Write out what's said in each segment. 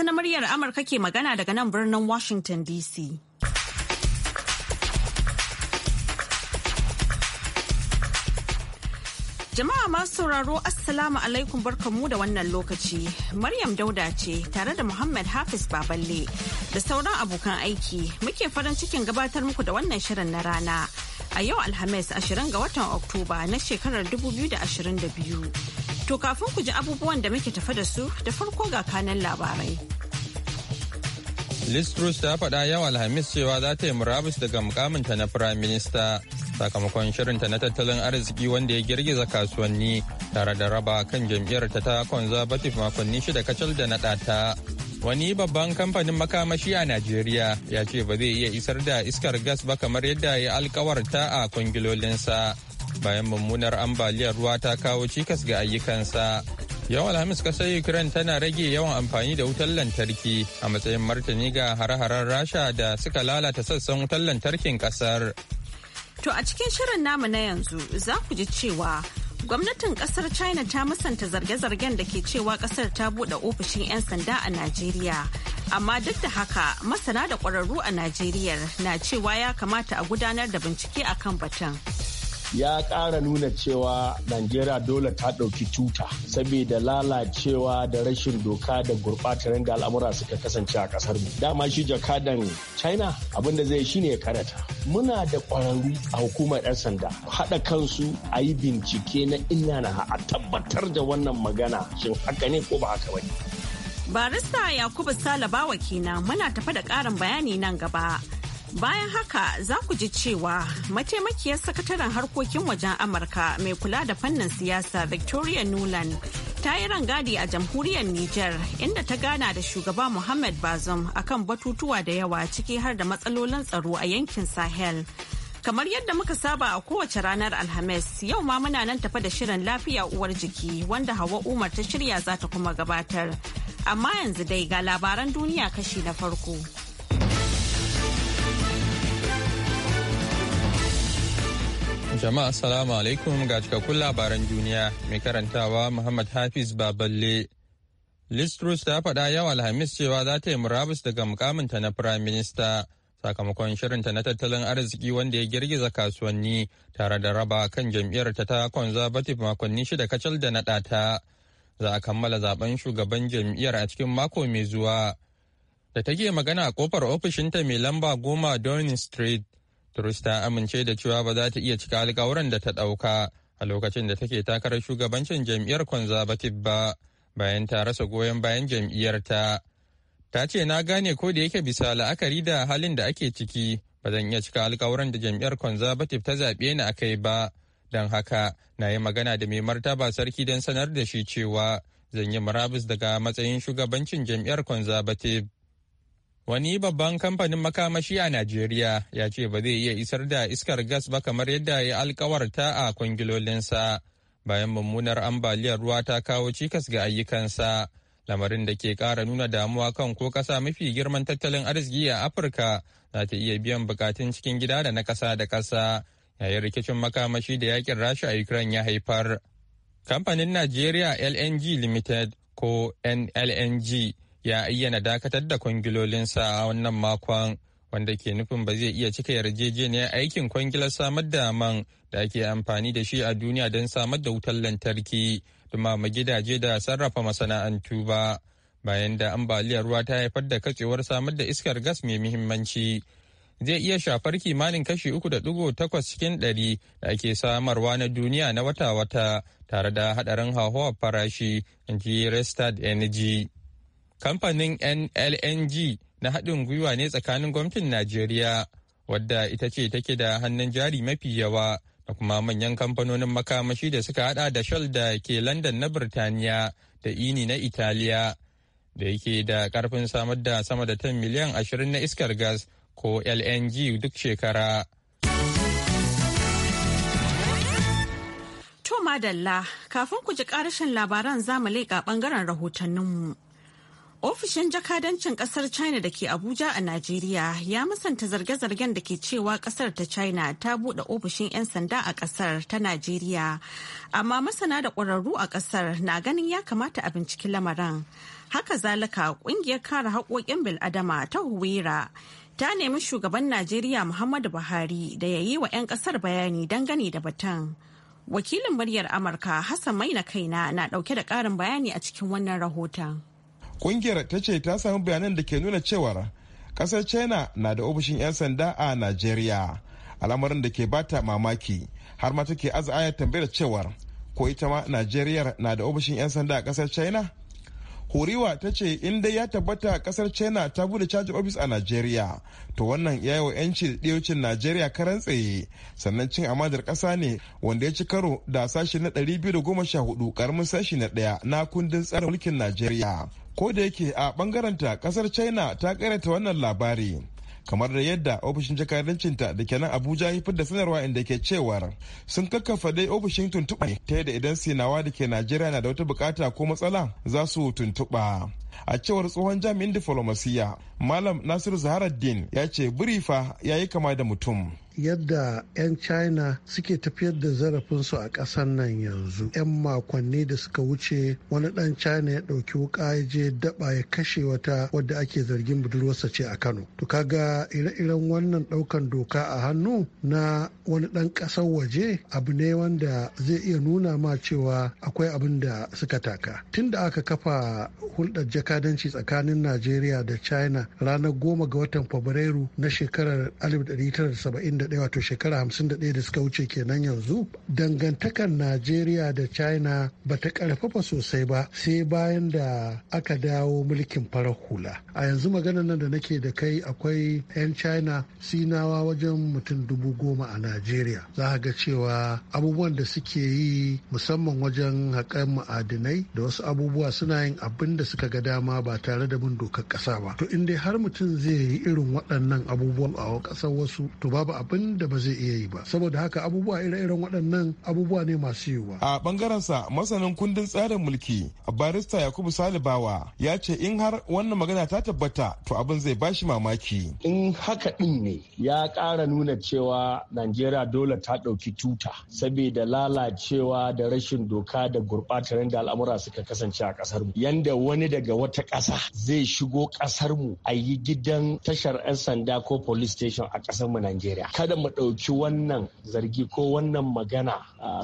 Hausa na muryar Amurka ke magana daga nan birnin Washington DC. Jama'a masu sauraro Assalamu alaikum barkamu da wannan lokaci. Maryam Dauda ce tare da Muhammad Hafiz Baballe da sauran abokan aiki muke farin cikin gabatar muku da wannan shirin na rana. A yau Alhamis 20 ga watan Oktoba na shekarar 2022. To kafin ku ji abubuwan da muke tafa da su da farko ga kanan labarai. Liz Truss ta faɗa yau Alhamis cewa za ta yi murabus daga mukaminta na Firayim Minista sakamakon shirinta na tattalin arziki wanda ya girgiza kasuwanni tare da raba kan jam'iyyar ta ta Conservative makonni shida kacal da naɗa ta. Wani babban kamfanin makamashi a Najeriya ya ce ba zai iya isar da iskar gas ba kamar yadda ya alkawarta a kwangilolinsa. bayan mummunar ambaliyar ruwa ta kawo cikas ga ayyukansa yau alhamis kasar ukraine tana rage yawan amfani da wutar lantarki a matsayin martani ga hare-haren rasha da suka lalata sassan wutar lantarkin kasar to a cikin shirin namu na yanzu za ku ji cewa gwamnatin kasar china ta musanta zarge-zargen da ke cewa kasar ta bude ofishin 'yan sanda a najeriya amma duk da haka masana da kwararru a najeriya na cewa ya kamata a gudanar da bincike akan batun. ya ƙara nuna cewa Najeriya dole ta ɗauki tuta saboda lalacewa da rashin doka da gurɓatar da al'amura suka kasance a ƙasar mu. Dama shi jakadan China abin da zai shine ya karata. Muna da ƙwararru a hukumar 'yan sanda haɗa kansu a yi bincike na ina na a tabbatar da wannan magana shin haka ne ko ba haka ba Barista Yakubu Salabawa kenan muna tafa da ƙarin bayani nan gaba. Bayan haka za ku ji cewa mataimakiyar sakataren harkokin wajen Amurka mai kula da fannin siyasa Victoria Nuland ta yi rangadi a jamhuriyar Nijar inda ta gana da shugaba Muhammad Bazoum akan batutuwa da yawa ciki har da matsalolin tsaro a yankin Sahel. Kamar yadda muka saba a kowace ranar Alhamis, yau ma muna nan tafa da shirin lafiya uwar jiki wanda Hawa Umar ta shirya za ta kuma gabatar. Amma yanzu dai ga labaran duniya kashi na farko. Jama'a salamu alaikum ga cikakkun labaran duniya mai karantawa Muhammad Hafiz Baballe. listrus ta faɗa yau Alhamis cewa za ta yi murabus daga mukaminta na Firayim Minista sakamakon shirinta na tattalin arziki wanda ya girgiza kasuwanni tare da raba kan jam'iyyar ta ta Conservative makonni shida kacal da naɗa ta. Za a kammala zaben shugaban jam'iyyar a cikin mako mai zuwa. Da take magana a kofar ofishinta mai lamba goma Downing Street Turus ta amince da cewa ba za ta iya cika alkawuran da ta ɗauka a lokacin da take takarar shugabancin jam'iyyar Conservative ba bayan ta rasa goyon bayan jam'iyyar Ta ce na gane ko da yake bisa la'akari da halin da ake ciki ba zan iya cika alkawuran da jam'iyyar Conservative ta zaɓe ni a kai ba. Don haka na yi magana da mai martaba sarki don sanar da shi cewa zan yi murabus daga matsayin shugabancin jam'iyyar Conservative. Wani babban kamfanin makamashi a Najeriya ya ce ba zai iya isar da iskar gas ba kamar yadda ya alkawarta a kwangilolinsa bayan mummunar ambaliyar ruwa ta kawo cikas ga ayyukansa. Lamarin da ke ƙara nuna damuwa kan ko ƙasa mafi girman tattalin arziki a Afirka za ta iya biyan bukatun cikin gida da na ƙasa da ƙasa yayin rikicin makamashi da yakin rasha a Ukraine ya haifar. Kamfanin Najeriya LNG Limited ko NLNG ya ayyana dakatar da kwangilolinsa a wannan makon wanda ke nufin ba zai iya cika yarjejeniyar aikin kwangilar samar da man da ake amfani da shi a duniya don samar da wutar lantarki dumama gidaje da sarrafa masana'antu ba bayan da ambaliyar ruwa ta haifar da katsewar samar da iskar gas mai muhimmanci zai iya shafar kimanin kashi uku da digo takwas cikin ɗari da ake samarwa na duniya na wata-wata tare da hadarin hauhawar farashi in ji restart energy Kamfanin NLNG na haɗin gwiwa ne tsakanin gwamnatin Najeriya wadda ita ce take da hannun jari mafi yawa da kuma manyan kamfanonin makamashi da suka hada da Shell da ke London na Birtaniya da Ini e e na Italiya da yake da karfin samar da sama da tan miliyan 20 na iskar gas ko LNG duk shekara. To madalla kafin ku ji karashin labaran zamu leƙa bangaren rahotanninmu. Ofishin jakadancin kasar China da ke Abuja a Najeriya ya musanta zarge-zargen da ke cewa kasar ta China ta buɗe ofishin 'yan sanda a kasar ta Najeriya. Amma masana da ƙwararru a kasar na ganin ya kamata a binciki lamarin. Haka zalika ƙungiyar kare haƙoƙin bil'adama ta huwera ta nemi shugaban Najeriya Muhammadu Buhari da ya yi wa 'yan kasar bayani dangane da batun. Wakilin muryar Amurka Hassan Maina Kaina na ɗauke da ƙarin bayani a cikin wannan rahoton. Kungiyar ta ce ta samu bayanan da ke nuna cewar kasar China na da ofishin 'yan sanda a Najeriya. Al'amarin da ke bata mamaki har ma take aya tambayar cewar ko ita ma Najeriya na da ofishin 'yan sanda a kasar China? Horiwa ta ce in dai ya tabbata kasar China ta bude caji ofis a Najeriya, to wannan ya yi wa 'yanci da Najeriya karan tsaye, sannan cin amadar ƙasa ne wanda ya ci karo da sashi na 214 karamin sashi na ɗaya na kundin tsarin mulkin Najeriya. ko da yake a bangaranta kasar china ta karyata wannan labari kamar da yadda ofishin jakadancinta da ke nan abuja ya da sanarwa inda ke cewar sun kakkafa dai ofishin tuntuɓa ta yadda idan sinawa da ke najeriya na da wata bukata ko matsala za su tuntuɓa a cewar tsohon jami'in diflomasiya malam nasiru zaharaddin ya ce birifa ya yi kama da mutum yadda 'yan china suke tafiyar da zarafinsu a ƙasar nan yanzu 'yan makonni da suka wuce wani dan china ya ɗauki wuka ya je daba ya kashe wata wadda ake zargin budurwarsa ce a kano to kaga ire-iren wannan ɗaukan doka a hannu na wani ɗan ƙasar waje abu ne wanda zai iya nuna ma cewa akwai abin da suka taka tun da aka kafa hulɗar jakadanci tsakanin najeriya da china ranar goma ga watan fabrairu na shekarar 1971 51 wato shekara hamsin da da suka wuce kenan yanzu dangantakar najeriya da china ba ta karfafa sosai ba sai bayan da aka dawo mulkin farar hula a yanzu maganar nan da nake da kai akwai 'yan china sinawa wajen mutum dubu goma a najeriya za a ga cewa abubuwan da suke yi musamman wajen haƙar ma'adinai da wasu abubuwa suna yin abin da suka ga dama ba tare da bin dokar ƙasa ba to in dai har mutum zai yi irin waɗannan abubuwan a ƙasar wasu to babu a abin da ba zai iya yi ba saboda haka abubuwa ire-iren waɗannan abubuwa ne masu yiwuwa a bangaren sa masanin kundin tsarin mulki barista yakubu salibawa ya ce in har wannan magana ta tabbata to abin zai bashi mamaki in haka din ne ya ƙara nuna cewa najeriya dole ta ɗauki tuta saboda lalacewa da rashin doka da gurɓatar da al'amura suka kasance a ƙasar mu yanda wani daga wata ƙasa zai shigo ƙasar mu a yi gidan tashar 'yan sanda ko police station a ƙasar mu najeriya kada mu ɗauki wannan zargi ko wannan magana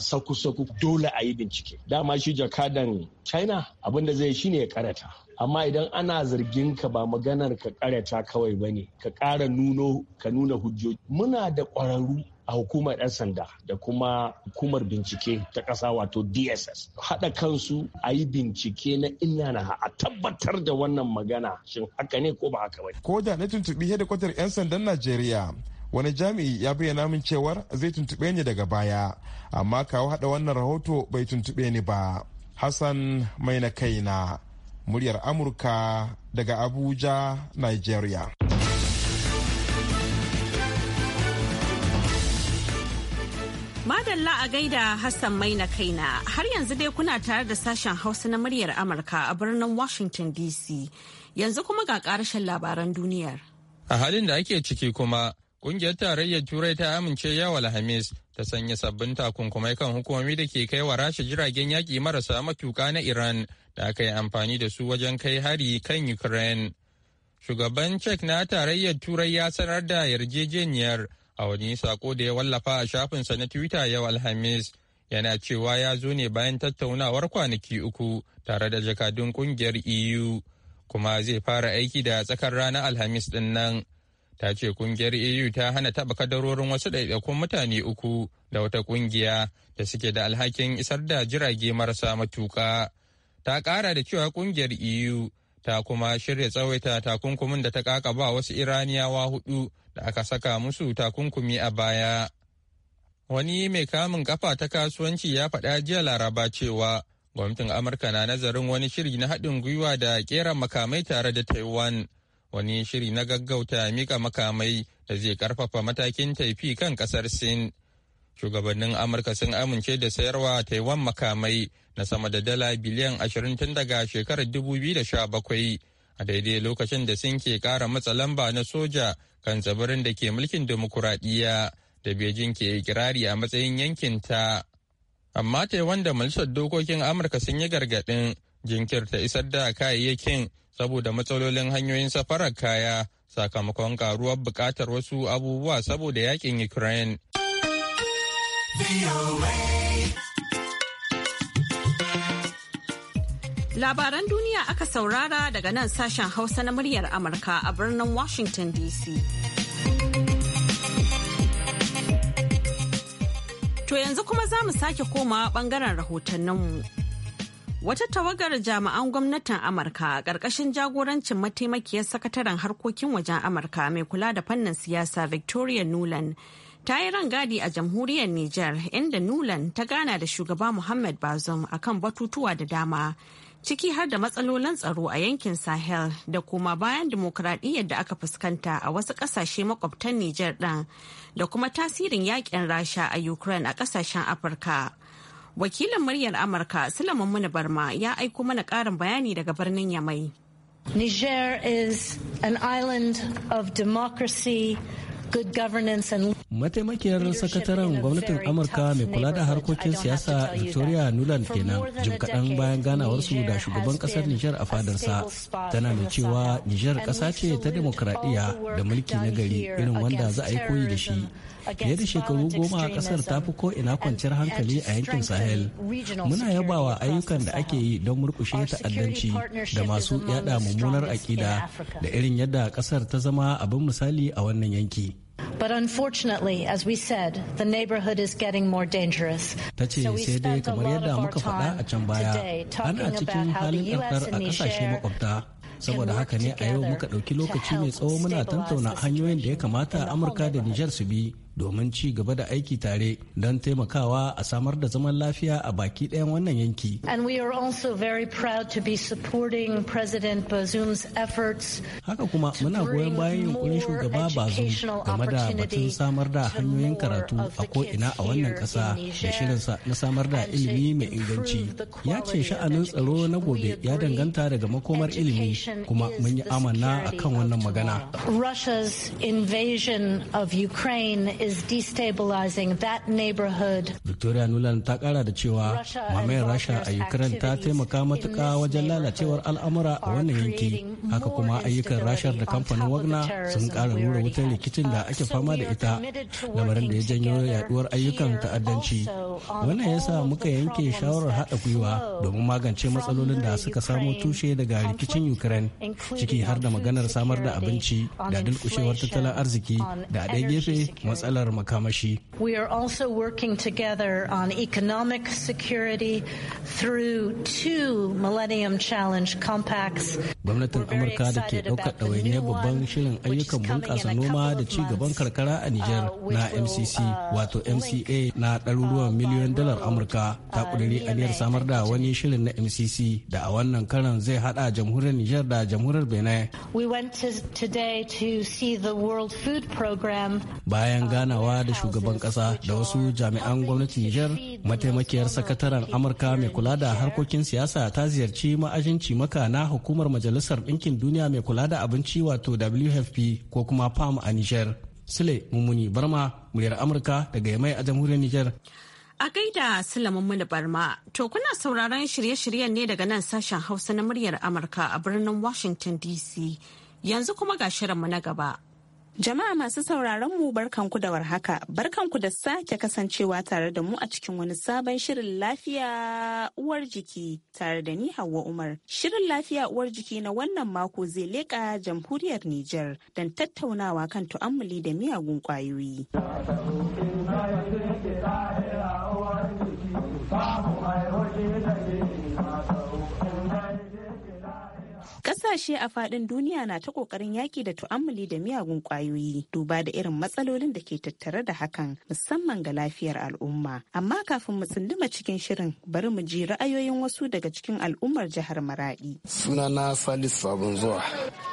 saku-saku dole a yi bincike dama shi jakadan china abinda zai shine ya karata amma idan ana zargin ka ba maganar ka karata kawai ba ne ka kara nuno ka nuna hujjoji muna da kwararru a hukumar 'yan sanda da kuma hukumar bincike ta kasa wato dss haɗa kansu a yi bincike na ina na a tabbatar da wannan magana shin haka ne ko ba haka ba ko da na tuntuɓi hedikwatar 'yan sandan najeriya wani jami'i ya bayyana min cewar zai tuntube ni daga baya amma kawo hada wannan rahoto bai tuntube ni ba hassan mai na kaina muryar amurka daga abuja nigeria Madalla a gaida Hassan mai na kaina har yanzu dai kuna tare da sashen hausa na muryar Amurka a birnin Washington DC yanzu kuma ga karashen labaran duniyar. A halin da ake ciki kuma Ƙungiyar Tarayyar Turai ta amince yau Alhamis ta sanya sabbin takunkumai kan hukumomi da ke kai wa rasha jiragen yaƙi marasa matuƙa na Iran da aka yi amfani da su wajen kai hari kan Ukraine. Shugaban Czech na Tarayyar Turai ya sanar da yarjejeniyar a wani sako da ya wallafa a shafinsa na Twitter yau Alhamis. Yana cewa ya zo ne bayan tattaunawar kwanaki uku tare da jakadun ƙungiyar EU, kuma zai fara aiki da tsakar ranar Alhamis ɗin nan. ta ce kungiyar eu ta hana taba kadarorin wasu ɗaiɗaikun mutane uku da wata kungiya da suke da alhakin isar da jirage marasa matuka. ta ƙara da cewa kungiyar eu ta kuma shirya tsawaita takunkumin da ta kakaba wasu iraniyawa hudu da aka saka musu takunkumi a baya wani mai kamun kafa ta kasuwanci ya faɗa jiya laraba cewa gwamnatin amurka na nazarin wani shiri na haɗin gwiwa da ƙera makamai tare da taiwan wani shiri na gaggauta mika makamai da zai karfafa matakin taifi kan kasar sin shugabannin amurka sun amince da sayarwa taiwan makamai na sama da dala biliyan 20 tun daga shekarar 2017 a daidai lokacin da sun ke kara matsa lamba na soja kan tsibirin da ke mulkin demokuraɗiyya da beijing ke kirari a matsayin yankinta amma taiwan da majalisar dokokin amurka sun yi gargaɗin jinkirta isar da kayayyakin saboda matsalolin hanyoyin safarar kaya sakamakon karuwar bukatar wasu abubuwa saboda yakin Ukraine. Labaran duniya aka saurara daga nan sashen Hausa na muryar Amurka a birnin Washington DC. To yanzu kuma za mu sake komawa bangaren rahotanninmu. Wata tawagar jami'an gwamnatin Amurka a ƙarƙashin jagorancin mataimakiyar sakataren harkokin wajen Amurka mai kula da fannin siyasa Victoria Nuland ta yi rangadi a jamhuriyar Nijar inda Nuland ta gana da shugaba Muhammad Bazoum akan batutuwa da dama ciki har da matsalolin tsaro a yankin Sahel da kuma bayan dimokuraɗiyyar da aka fuskanta a wasu ƙasashe makwabtan Nijar ɗin da kuma tasirin yakin Rasha a Ukraine a ƙasashen Afirka. Wakilin muryar Amurka Sulaiman Muni Barma ya aiko mana karin bayani daga birnin Yamai. Niger is an island of democracy, good governance and Mataimakiyar sakataren gwamnatin Amurka mai kula da harkokin siyasa Victoria Nuland kenan jim kaɗan bayan ganawarsu da shugaban ƙasar Nijar a fadarsa. Tana mai cewa Nijar ƙasa ce ta demokradiyya da mulki na gari irin wanda za a yi koyi da shi. fiye da shekaru goma a kasar ta fi ko ina kwanciyar hankali a yankin sahel muna yabawa ayyukan da ake yi don murkushe ta'addanci da masu yada mummunar akida da irin yadda kasar ta zama abin misali a wannan yanki But unfortunately, as we said, the neighborhood is getting more dangerous. Ta ce sai dai kamar yadda muka faɗa a can baya, ana cikin halin ɗaukar a ƙasashe makwabta. Saboda haka ne a yau muka ɗauki lokaci mai tsawo muna tantauna hanyoyin da ya kamata Amurka da Nijar su bi domin ci gaba da aiki tare don taimakawa a samar da zaman lafiya a baki ɗayan wannan yanki. And we are also very proud to be supporting President Bazoum's efforts. Haka kuma muna goyon bayan yunkurin shugaba Bazoum game da batun samar da hanyoyin karatu a ko'ina a wannan ƙasa da shirinsa na samar da ilimi mai inganci. Ya ce sha'anin tsaro na gobe ya danganta daga makomar ilimi kuma mun yi amana kan wannan magana. Russia's invasion of Ukraine is destabilizing that neighborhood. Victoria Nuland ta kara da cewa mamayar Rasha a Ukraine ta taimaka matuka wajen lalacewar al'amura a wannan yanki. Haka kuma ayyukan Rashar da kamfanin Wagner sun ƙara nura wutar rikicin da ake uh, fama da ita, lamarin da ya janyo yaduwar ayyukan ta'addanci. Wannan ya sa muka yanke shawarar haɗa gwiwa domin magance matsalolin da suka samo tushe daga rikicin Ukraine, ciki har da maganar samar da abinci da dulkushewar tattalin arziki da a ɗaya gefe matsalar makamashi. We are also working together on economic security through two Millennium Challenge compacts. gwamnatin amurka da ke ɗaukar ɗawainiyar babban shirin ayyukan bunƙasa noma da ci gaban karkara a niger uh, na mcc uh, wato mca uh, na ɗaruruwan miliyan dalar amurka ta ƙudiri aniyar samar da wani shirin na mcc da a wannan karan zai haɗa jamhuriyar niger da jamhuriyar benin bayan ganawa da shugaban ƙasa da wasu jami'an gwamnatin niger mataimakiyar sakataren amurka mai kula da harkokin siyasa ta ziyarci ma'ajinci maka na hukumar majalisar ɗinkin duniya mai kula da abinci wato wfp ko kuma pam a niger sule mummuni barma muryar amurka daga yamai a jamhuriyar niger a gaida sulamin mini barma to kuna sauraron shirye-shiryen ne daga nan sashen hausa na muryar amurka a birnin washington dc yanzu kuma ga shirinmu na gaba Jama'a masu sauraron mu barkanku da warhaka, barkanku da sake kasancewa tare da mu a cikin wani sabon shirin lafiya uwar jiki tare da ni Hauwa Umar. Shirin lafiya uwar jiki na wannan mako zai leƙa jamhuriyar Nijar don tattaunawa kan tu'ammuli da miyagun ƙwayoyi. Ƙasashe a faɗin duniya na ta ƙoƙarin yaƙi da tu'ammali da miyagun ƙwayoyi duba da irin matsalolin da ke tattare da hakan musamman ga lafiyar al'umma. Amma kafin mu tsunduma cikin shirin bari mu ji ra'ayoyin wasu daga cikin al'ummar jihar Maradi. Sunana Salisu Sabon Zuwa.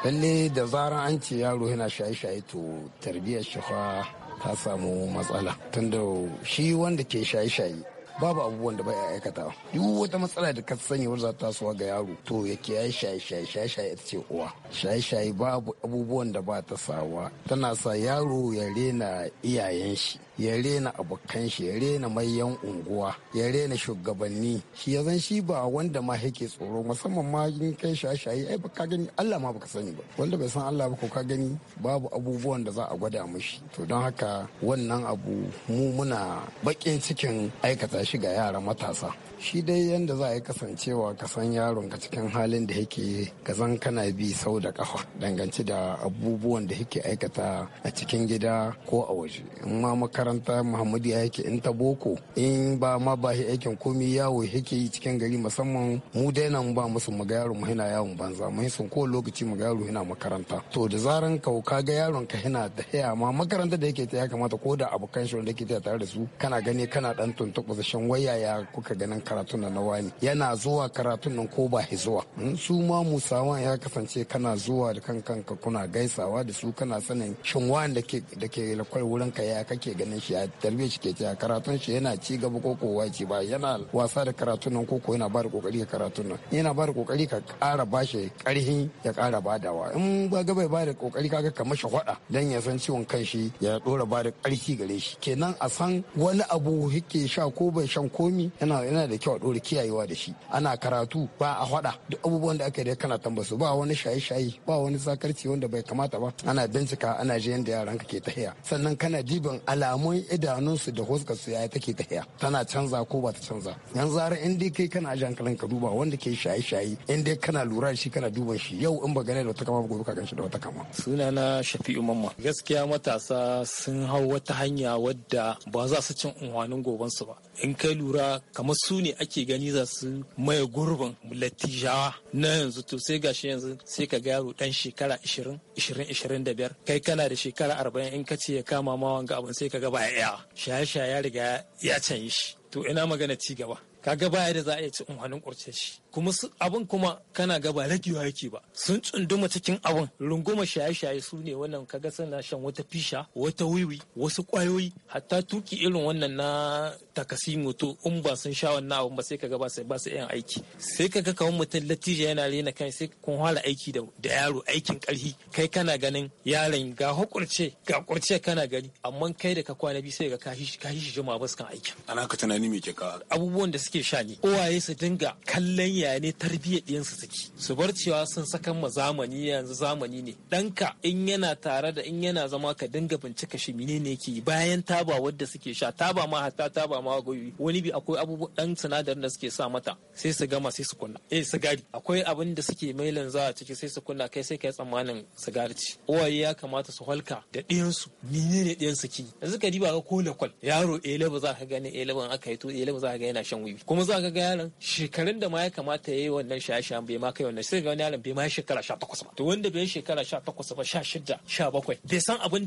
Lalle da zarar an ce yaro yana shaye-shaye to tarbiyyar shi ta samu matsala. Tunda shi wanda ke shaye-shaye babu abubuwan da bai aikata duk wata matsala da ka sani wanda za ta tasowa ga yaro to ya kiyaye shaye shaye shaye shaye ita ce uwa shaye shaye babu abubuwan da ba ta sawa tana sa yaro ya rena iyayen shi ya rena abokan shi ya rena mayan unguwa ya rena shugabanni shi ya zan shi ba wanda ma yake tsoro musamman ma in kai shaye-shaye ai ka gani Allah ma baka sani ba wanda bai san Allah ba ko ka gani babu abubuwan da za a gwada mishi to don haka wannan abu mu muna bakin cikin aikata shiga yaran matasa shi dai yadda za a yi kasancewa ka san yaron ka cikin halin da yake ka kana bi sau da kafa dangance da abubuwan da yake aikata a cikin gida ko a waje in ma makaranta muhammadu ya yake in ta boko in ba ma ba shi aikin komi yawo yake yi cikin gari musamman mu dai nan ba musu mu ga yaron mu hina yawon banza mu sun ko lokaci mu ga hina makaranta to da zaran ka ka ga yaron ka hina da haya ma makaranta da yake ta ya kamata ko da abokan shi wanda yake tare da su kana gani kana dan tuntuɓa shan waya ya kuka ganin ka karatun nan na wani yana zuwa karatun nan ko ba zuwa in su ma musawan ya kasance kana zuwa da kan kanka kuna gaisawa da su kana sanin shin wani da ke lakwai wurin ka ya kake ganin shi a tarbiyya shi ke ta karatun shi yana ci gaba ko ko ba yana wasa da karatun nan ko ko yana ba da kokari ka karatun nan yana ba da kokari ka kara shi karhi ya kara badawa in ba ga bai ba da kokari kaga ka mashi hwada dan ya san ciwon kan shi ya dora ba da karfi gare shi kenan a san wani abu yake sha ko bai shan komi yana yana da da kyau a kiyayewa da shi ana karatu ba a hada duk abubuwan da aka yi kana tambasu ba wani shaye-shaye ba wani zakarci wanda bai kamata ba ana bincika ana ji yadda yaran ka ke tahiya sannan kana diban alamun idanunsu da huskar su yaya take tahiya tana canza ko ba ta canza yan zara in dai kai kana ajiyan kalan ka duba wanda ke shaye-shaye in dai kana lura shi kana duban shi yau in ba gane da wata kama gobe ka gan shi da wata kama. sunana shafi'u mamma gaskiya matasa sun hau wata hanya wadda ba za su cin unhwanin gobansu ba in kai lura kamar su ne ake gani za su maye gurbin lattijawa na yanzu to sai gashi yanzu sai ka yaro dan shekara 20 da 25 kai kana da shekara 40 in ka ce ya kama ma wanga abin sai ka ga baya iya shaye-shaye ya riga ya canyi shi to ina magana ci gaba kaga baya da za a yi ci unhanin kurce shi kuma abin kuma kana ga ba ragewa yake ba sun tsunduma cikin abin runguma shaye-shaye su ne wannan kaga suna shan wata fisha wata wiwi wasu kwayoyi hatta tuki irin wannan na takasi moto in ba sun sha wannan abin ba sai ka ba sai ba su yan aiki sai kaga kawun mutum latija yana rena kai sai kun hala aiki da yaro aikin karhi kai kana ganin yaron ga hukurce ga kurce kana gani amma kai da ka kwana biyu sai ga ka shi jima ba su kan aikin ana ka tunani me ke ka abubuwan da suke sha ne uwaye su dinga kallon iyaye ne tarbiyyar ɗiyansu suke su bar cewa sun sakan ma zamani yanzu zamani ne ɗanka in yana tare da in yana zama ka dinga bincika shi ne yake bayan taba wadda suke sha taba ma hatta taba ma goyi wani bi akwai abubuwan ɗan sinadarin da suke sa mata sai su gama sai su kunna eh sigari akwai abin da suke mailan za a ciki sai su kunna kai sai kai tsammanin sigari ci uwaye ya kamata su halka da ɗiyansu ne ɗiyansu ki yanzu ka diba ga kola kwal yaro a za ka gani ele aka yi to ele za ka ga yana shan wiwi kuma za ka ga yaron shekarun da ma ya kamata kamata ya yi wannan shaye-shayen bai ma kai wannan sai ga wani yaron bai ma shekara sha ba to wanda bai shekara sha takwas ba sha shida sha bakwai bai san abun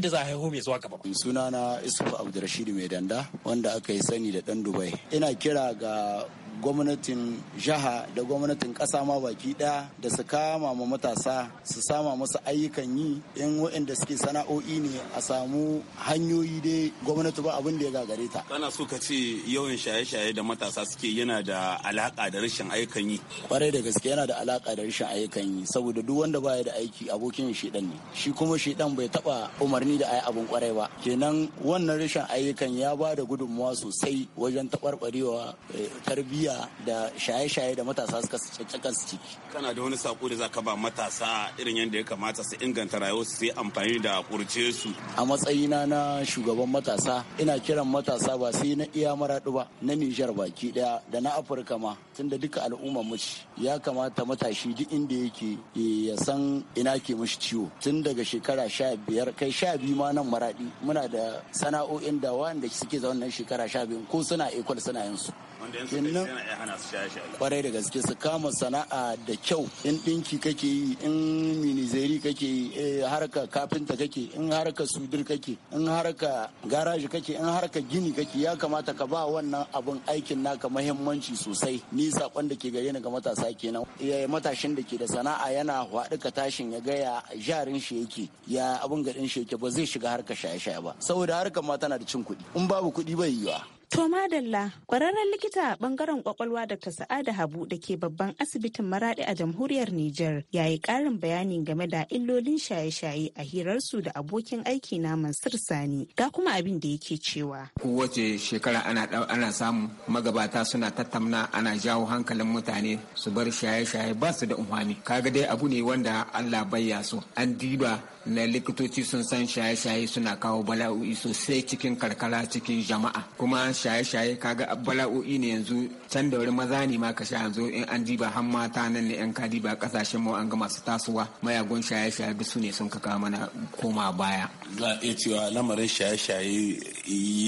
da za a haihu mai zuwa gaba ba. sunana isufu abdurrashid mai danda wanda aka yi sani da dan dubai ina kira ga gwamnatin jiha da gwamnatin ƙasa ma baki ɗaya da su kama ma matasa su sama musu ayyukan yi in waɗanda suke sana'o'i ne a samu hanyoyi dai gwamnati ba abin da ya gagare ta. Kana so ka ce yawan shaye-shaye da matasa suke yana da alaƙa da rashin ayyukan yi. Kwarai da gaske yana da alaka da rashin ayyukan yi saboda duk wanda baya da aiki abokin shedan ne. Shi kuma shedan bai taba umarni da ayi abin kwarai ba. Kenan wannan rashin ayyukan ya ba da gudunmawa sosai wajen taɓarɓarewa eh, tarbiyya giya da shaye-shaye da matasa suka cakan su ciki. Kana da wani sako da za ka ba matasa irin yadda ya kamata su inganta rayuwar su sai amfani da kurce su. A matsayina na shugaban matasa ina kiran matasa ba sai na iya maraɗu ba na Nijar baki ɗaya da na Afirka ma tunda duka al'ummar mu ya kamata matashi duk inda yake ya san ina ke mashi ciwo tun daga shekara sha biyar kai sha biyu ma nan maraɗi muna da sana'o'in da wanda suke zaune shekara sha biyu ko suna ikon suna yin su kenan kwarai da gaske su kama sana'a da kyau in dinki kake yi in minizeri kake yi eh, harka kafinta kake in harka sudir kake in harka garaji kake in harka gini kake ya kamata ka ba wannan abin aikin naka mahimmanci sosai ni sakon da ke gare ni ga matasa kenan matashin da ke da sana'a yana haɗu ka tashin ya gaya jarin shi yake ya abin gaɗin shi yake ba zai shiga harka shaye-shaye ba saboda harkar ma tana da cin kuɗi in babu kuɗi bai yiwa To madalla kwararren likita a bangaren kwakwalwa Dr. Sa'ada Habu da ke babban asibitin Maraɗi a jamhuriyar Nijar ya yi karin bayani game da illolin shaye-shaye a hirarsu da abokin aiki na Mansur Sani ga kuma abin da yake cewa. Kowace shekara ana ana samu magabata suna tattamna ana jawo hankalin mutane su bar shaye-shaye ba su da umhani. Kaga dai abu ne wanda Allah bayya so. An diba na likitoci sun san shaye-shaye suna kawo bala'o'i sosai cikin karkara cikin jama'a kuma shaye-shaye kaga bala'o'i ne yanzu can da wani maza ne ma ka sha yanzu in an diba har mata nan ne yan ka diba kasashen mu an ga masu tasowa mayagun shaye-shaye duk su ne sun kaka mana koma baya. Za a iya cewa lamarin shaye-shaye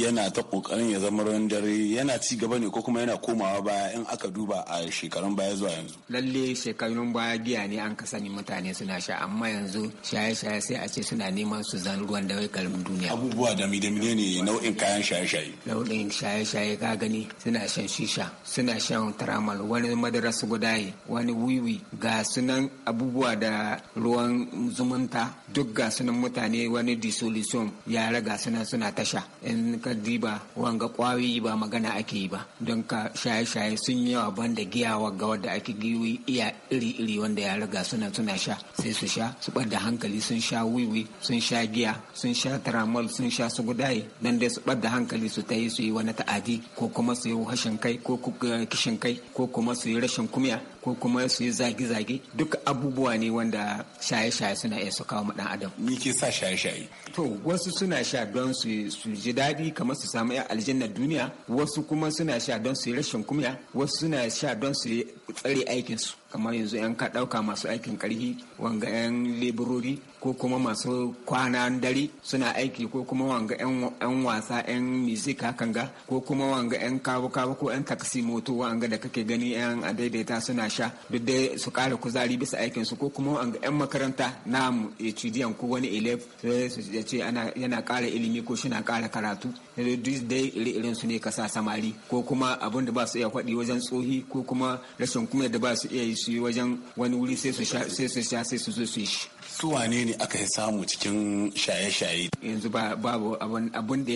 yana ta kokarin ya zama ruwan dare yana ci gaba ne ko kuma yana komawa baya in aka duba a shekarun baya zuwa yanzu. Lalle shekarun baya giya ne an ka sani mutane suna sha amma yanzu shaye-shaye sai a ce suna neman su zan ruwan dare karin duniya. Abubuwa da dami ne nau'in kayan shaye-shaye. Nau'in shaye-shaye ka gani suna shan shisha suna shan taramal wani guda gudaye wani wiwi ga sunan abubuwa da ruwan zumunta duk ga sunan mutane wani disolution yara ga sunan suna tasha in ka diba wanga kwayoyi ba magana ake yi ba don ka shaye-shaye sun yawa banda giyawa ga wadda ake giwi iya iri-iri wanda yara ga sunan suna sha sai su sha su da hankali sun sha wiwi sun sha giya sun sha taramal sun sha su gudaye dan dai su da hankali su ta yi su yi wani ta'adi ko kuma su yi hashin kai ko Eh, kishin kai ko kuma su yi rashin kumya ko kuma su yi zage-zage duk abubuwa ne wanda shaye-shaye suna iya su kawo ma dan adam ni ke sa shaye-shaye to wasu suna sha don su su ji daɗi kamar su samu aljannar duniya wasu kuma suna sha don su yi rashin kumya wasu suna sha don su yi tsare aikin su kamar yanzu yan ka ɗauka masu aikin karhi wanga yan leburori ko kuma masu kwana dare suna aiki ko kuma wanga yan wasa yan music hakan ga ko kuma wanga yan kawo kawo ko yan taksi moto wanga da kake gani yan adaidaita suna sha duk da su kara kuzari bisa aikin su ko kuma an ga 'yan makaranta na etudiyan eh, ko wani elef eh, su ce yana kara ilimi ko shi na kara karatu eh, duk da ire-iren su ne kasa samari ko kuma abin da ba su iya faɗi wajen tsohi ko kuma rashin kuma da ba su iya yi su yi wajen wani wuri sai su sha sai su zo su yi shi. su wane ne aka yi samu cikin shaye-shaye yanzu babu abun da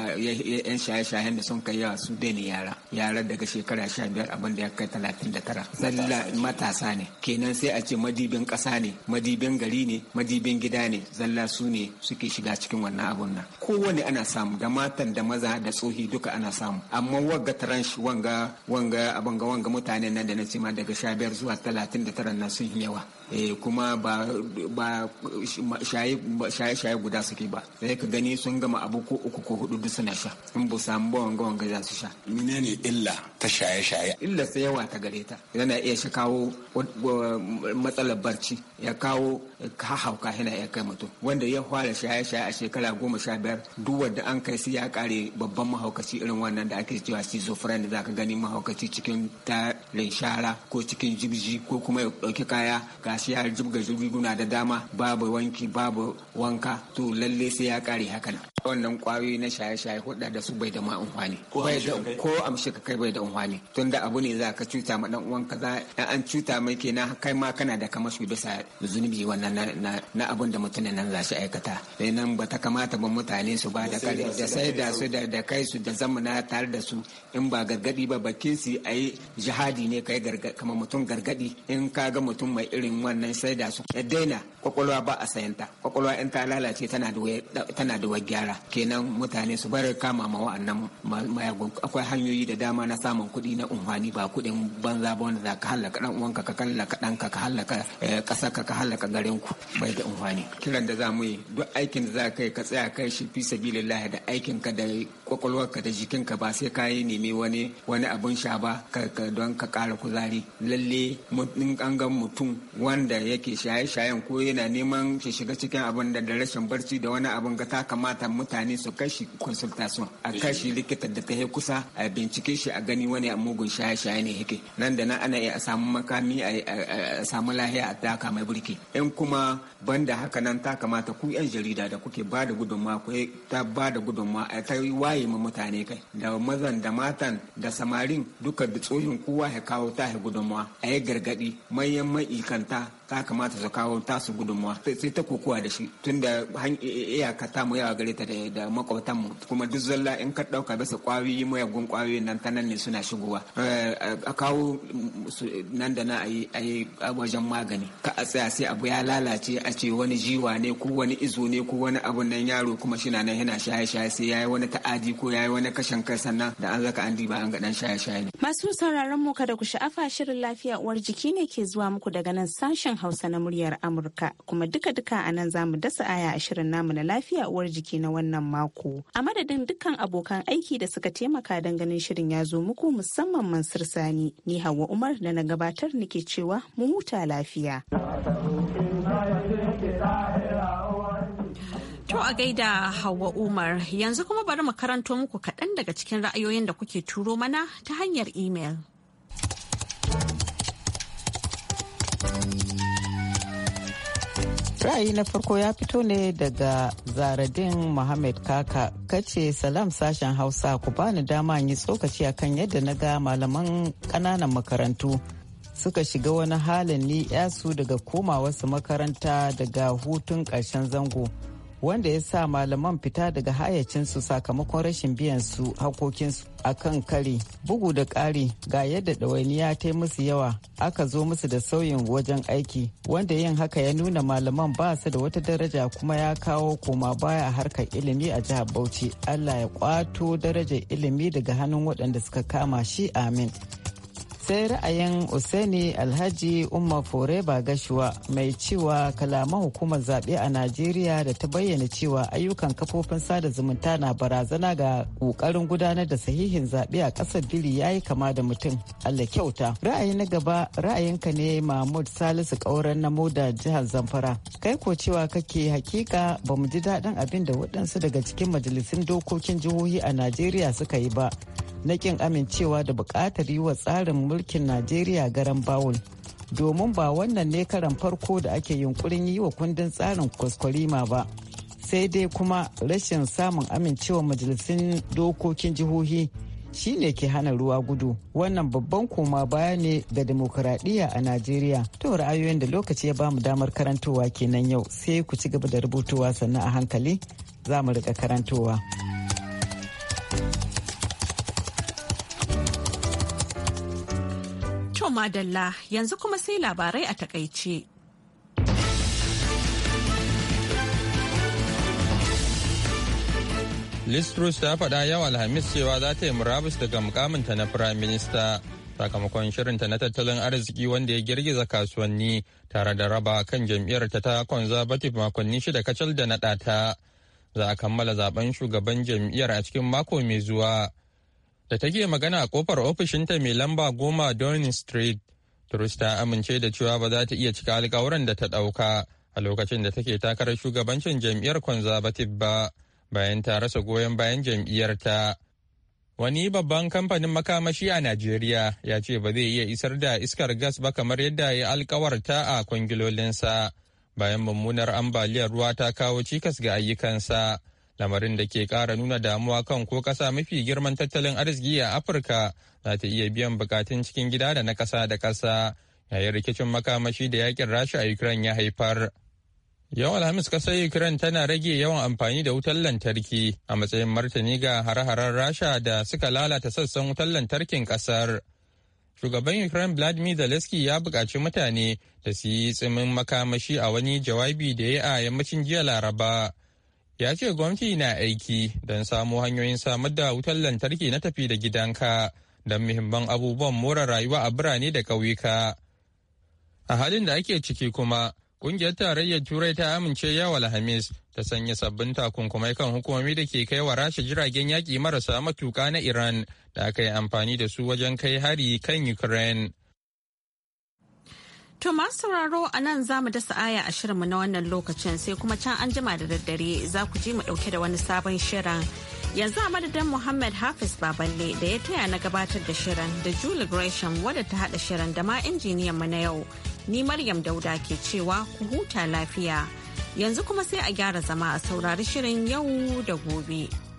ya yan shaye-shayen da sun kai yawa su dai ne yara yara daga shekara sha biyar abin da ya kai talatin da tara zalla matasa ne kenan sai a ce madibin ƙasa ne madibin gari ne madibin gida ne zalla su ne suke shiga cikin wannan abun nan kowane ana samu da matan da maza da tsohi duka ana samu amma wanga tranche wanga wanga abanga wanga mutanen nan da na ce ma daga sha biyar zuwa talatin da tara nan sun yawa eh kuma ba ba shaye guda suke ba sai ka gani sun gama abu ko uku ko hudu duk suna sha in ba samu ba wanga wanga za su sha ne illa ta shaye shaye illa sai yawa ta gare ta yana iya shi kawo matsalar barci ya kawo ka hauka yana iya kai mutum wanda ya fara shaye shaye a shekara goma sha biyar duk wanda an kai sai ya kare babban mahaukaci irin wannan da ake cewa schizophrenia za ka gani mahaukaci cikin tarin shara ko cikin jibji ko kuma ya dauki kaya shi ya jibga jirguna suna da dama babu wanki babu wanka to lalle sai ya kare haka wannan kwayoyi na shaye-shaye hudda da su bai da ma amfani ko amshi ka kai bai da amfani tunda abu ne za ka cuta ma dan kaza za an cuta mai kenan kai ma kana da kamar kamashi bisa zunubi wannan na abun da mutumin nan za shi aikata sai nan ba ta kamata ba mutane su ba da kare da sai da su da kai su da zamana tare da su in ba gargadi ba bakin su ayi jihadi ne kai kamar mutum gargadi in ka ga mutum mai irin wannan sai da su yadda daina kwakwalwa ba a sayanta kwakwalwa in ta lalace tana da wai gyara kenan mutane su bar kama ma wa'annan mayagun akwai hanyoyi da dama na samun kuɗi na unhwani ba kuɗin banza ba wanda za ka hallaka dan uwanka ka hallaka ɗanka ka hallaka eh, ka hallaka garin ku bai da unhwani kiran da zamu yi duk aikin da za ka yi ka tsaya kai shi fi sabilillahi da aikin ka da kwakwalwarka da jikin ka ba sai ka yi neme wani wani abun sha ba don ka ƙara kuzari lalle in an ga mutum wanda yake shaye-shaye shaye ko yana neman shi shiga cikin abin da da rashin barci da wani abin ga ta kamata mutane su kashi consultation a kashi likita da ta kusa a bincike shi a gani wani mugun shaye-shaye ne yake nan da nan ana iya samu makami a samu lahiya a taka mai burki in kuma banda haka nan ta kamata ku yan jarida da kuke ba da gudunmawa ku ta ba da gudunmawa a ta waye ma mutane kai da mazan da matan da samarin duka da tsohin kowa ya kawo ta gudunmawa a yi gargadi manyan ma'ikanta ta kamata su kawo tasu gudunmuwa sai ta kokowa da shi tunda iyaka ta mu yawa gare ta da makwabtan mu kuma duk zalla in ka dauka bisa kwayoyi mayagun kwayoyin nan ta nan ne suna shigowa eh, a kawo nan da na a yi wajen magani ka a tsaya sai abu ya lalace a ce wani jiwa ne ko wani izo ne ko wani abun nan yaro kuma shi na nan yana shaye shaye sai yayi wani ta'adi ko yayi wani kashin kai sannan da an zaka an diba an ga dan shaye shaye ne masu sauraron mu kada ku sha'afa shirin lafiya uwar jiki ne ke zuwa muku daga nan sashen Hausa na muryar Amurka kuma duka-duka a nan za mu dasa aya a shirin namu na lafiya uwar jiki na wannan mako. A madadin dukkan abokan aiki da suka taimaka don ganin shirin ya zo muku musamman Mansur Sani. Ni Hauwa Umar da na gabatar nake cewa mu huta lafiya. To a gaida Hauwa Umar yanzu kuma bari mu karanto muku kaɗan daga cikin ra'ayoyin da kuke turo mana ta hanyar imel. Ra'ayi na farko ya fito ne daga Zaradin Muhammad Kaka kace salam sashen Hausa ku bani dama yi tsokaci akan yadda na ga malaman ƙananan makarantu suka shiga wani halin ni yasu daga koma wasu makaranta daga hutun ƙarshen zango. wanda ya sa malaman fita daga hayacinsu sakamakon rashin biyan su hakokinsu a kan kari bugu da ƙari ga yadda ɗawainiya ta yi musu yawa aka zo musu da sauyin wajen aiki wanda yin haka ya nuna malaman ba su da wata daraja kuma ya kawo koma baya harkar ilimi a jihar bauchi allah ya kwato darajar ilimi daga hannun waɗanda suka kama shi amin sai ra'ayin Usaini Alhaji Umar Foreba Gashuwa mai cewa kalaman hukumar zaɓe a Najeriya da ta bayyana cewa ayyukan kafofin sada zumunta na barazana ga ƙoƙarin gudanar da sahihin zaɓe a ƙasar Bili ya yi kama da mutum. Allah kyauta. Ra'ayi na gaba ra'ayinka ne Mahmud Salisu Ƙauren na Moda jihar Zamfara. Kai ko cewa kake hakika ba mu ji daɗin abin da waɗansu daga cikin majalisun dokokin jihohi a Najeriya suka yi ba. na kin amincewa da bukatar yi wa tsarin mulkin najeriya garan bawul domin ba wannan ne karan farko da ake yunkurin yi wa kundin tsarin kwaskwarima ba sai dai kuma rashin samun amincewa majalisun dokokin jihohi shi ne ke hana ruwa gudu wannan babban koma baya ne ga demokuraɗiyya a najeriya to ra'ayoyin da lokaci ya bamu damar karantowa kenan yau sai ku ci gaba da rubutuwa sannan a hankali za mu riƙa karantowa. Madalla yanzu kuma sai labarai a takaice. listros ta faɗa yau Alhamis cewa za ta yi murabus daga mukaminta na Firayim Minista sakamakon shirinta na tattalin arziki wanda ya girgiza kasuwanni tare da raba kan jam'iyyar ta ta Conservative makonni shida kacal da naɗa ta. Za a kammala zaben shugaban jam'iyyar a cikin mako mai zuwa. da take magana a kofar ofishinta mai lamba goma Downing Street. Truss ta amince da cewa ba za ta iya cika alkawuran da ta ɗauka a lokacin da take takarar shugabancin jam'iyyar Conservative ba bayan ta rasa goyon bayan jam'iyyarta. Wani babban kamfanin makamashi a Najeriya ya ce ba zai iya isar da iskar gas ba kamar yadda ya alkawarta a kwangilolinsa bayan mummunar ambaliyar ruwa ta kawo cikas ga ayyukansa. lamarin da ke kara nuna damuwa kan ko kasa mafi girman tattalin arziki a afirka za ta iya biyan bukatun cikin gida da na kasa da kasa yayin rikicin makamashi da yakin rasha a ukraine ya haifar Yawan Alhamis kasar Ukraine tana rage yawan amfani da wutar lantarki a matsayin martani ga hare-haren Rasha da suka lalata sassan wutar lantarkin kasar. Shugaban Ukraine Vladimir Zelensky ya bukaci mutane da su yi tsimin makamashi a wani jawabi da ya a yammacin jiya Laraba ya ce gwamnati na aiki don samo hanyoyin samar da wutar lantarki na tafi da gidanka don muhimman abubuwan more rayuwa a birane da ƙauyuka. A halin da ake ciki kuma, ƙungiyar tarayyar Turai ta amince yawa Alhamis ta sanya sabbin takunkumai kan hukumomi da ke kai wa rasha jiragen yaƙi marasa matuƙa na Iran da aka yi amfani da su wajen kai hari kan Ukraine. To masu sauraro a nan za mu dasa aya a shirinmu na wannan lokacin sai kuma can an jima da daddare za ku ji mu ɗauke da wani sabon shirin. Yanzu a madadin Muhammad Hafiz Baballe da ya taya na gabatar da shirin da Julie Gresham wadda ta haɗa shirin da ma injiniyan mu na yau. Ni Maryam Dauda ke cewa ku huta lafiya. Yanzu kuma sai a gyara zama a saurari shirin yau da gobe.